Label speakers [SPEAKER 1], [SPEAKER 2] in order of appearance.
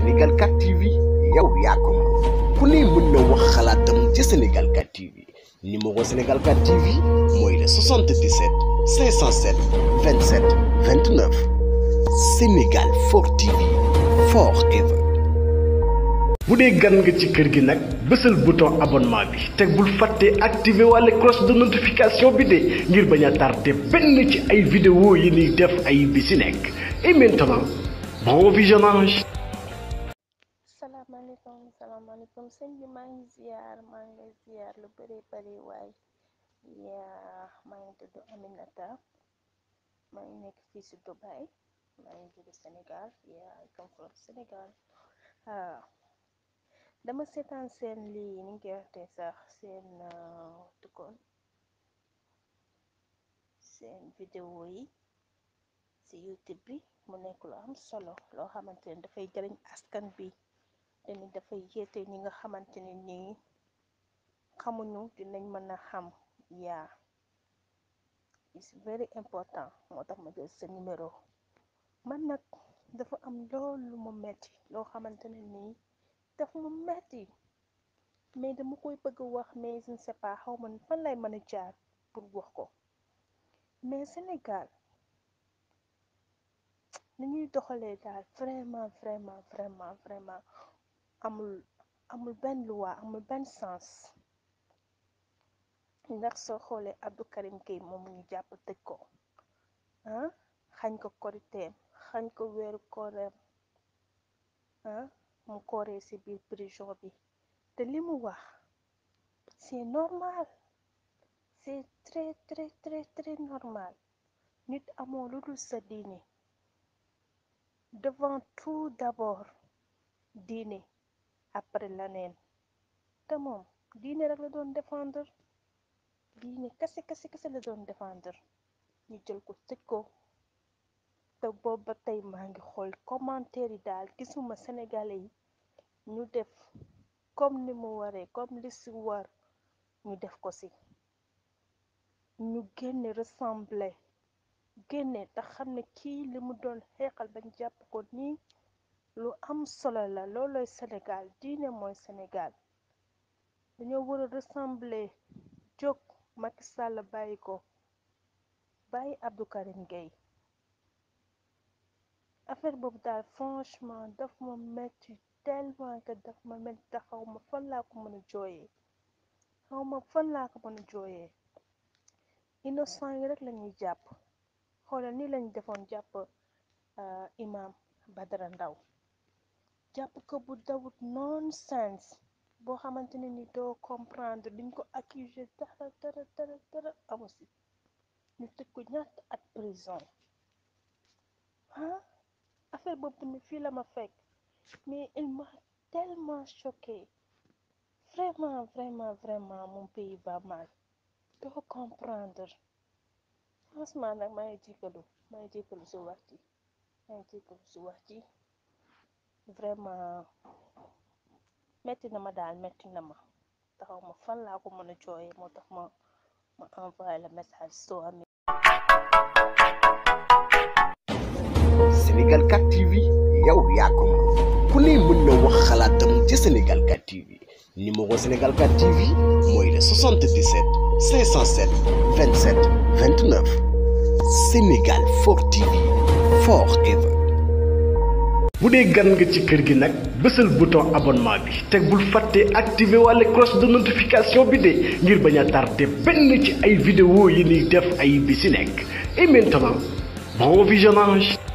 [SPEAKER 1] Sénégal 4 TV yow yaa ko ku ne mën na wax xalaatam ci Sénégal 4 TV numéro Sénégal 4 TV moy le 77 507 27 29 Sénégal 4 TV forever.
[SPEAKER 2] Si vous gan nga ci kër gi nag bouton abonnement bi teg bul fàtte la cloche de notification bi ne ngir bañ a ci ay vidéo yi ni def ay et maintenant bon visionnage.
[SPEAKER 3] Assalamualaikum, assalamualaikum. sëñ bi maa Lupa ziar maa ngi lay ziar lu bëre bëri waay yeah maa ngi tudd aminata maa ngi nekk fii si dubaay maa sen. tudd sénégal yeah comme club sénégal lii ni si youtube solo loo xamante ne dafay askan bi tamit dafay yéete ñi nga xamante ne nii xamuñu dinañ mën na xam yaa ci very important moo tax ma jël sa numéro man nag dafa am loolu mu metti loo xamante ne nii daf mu metti mais dama koy bëgg wax mais je ne pas xaw ma fan lay mën jaar pour wax ko mais Sénégal ni ñuy doxalee daal vraiment vraiment vraiment vraiment amul amul ben loi amul ben sens ndax soo Abdou Karim Gueye moom ñu japp tëj ko ah xañ ko koriteem xañ ko weeru kooreem ah mu kooree ci biir prison bi te limu wax c'est normal c'est très très très très normal nit amo lu sa diine devant tout d'abord diine après la neen te moom diine rek la doon défendre diine kase kase kase la doon défendre ñu jël ko tëj ko te booba tey maa ngi xool commentaire yi daal gisuma sénégalais yi ñu def comme ni mu waree comme li si war ñu def ko ci ñu génne ressemblé génne te xam ne kii li mu doon xeexal bañ jàpp ko nii solo la loolooy Sénégal diine mooy Sénégal dañoo war a rassembler jóg Macky Sall bàyyi ko bàyyi Abdou Karim Gueye affaire boobu daal franchement daf ma metti tellement que ma metti te xaw ma fan laa ko mën a jooyee xaw ma fan laa ko mën a jooyee innocent yi rek lañuy jàpp xoolal ni lañ defoon jàpp euh, imam Badara ndaw jàpp ko bu dawut nonsense boo xamante ne ni doo comprendre duñ ko accuser dara dara dara dara amu ñu teg ko ñaata ak prison ah affaire boobu ne fii la ma fekk mais il m'a tellement choqué vraiment vraiment vraiment mon pays va mal doo comprendre franchement nag maa ngi jégalu maa ngi jégalu si wax ji maa ngi jégalu si wax ji vraiment metti na ma daal metti na ma taxaw ma fan laa ko mën a jooyee moo tax ma ma envoyé la message soo amee.
[SPEAKER 1] Sénégal 4 TV yow yaa ko ku ne mën na wax xalaatam ci Sénégal 4 TV numéro Sénégal 4 TV mooy le Sénégal 4 TV
[SPEAKER 2] forever. bu dee gan nga ci kër gi nag bésal bouton abonnement bi teg bul fàtte activé walla cloche de notification bi de ngir bañ a tardé benn ci ay video yi ni def ay bi ci nekk et maintenant bon visionnage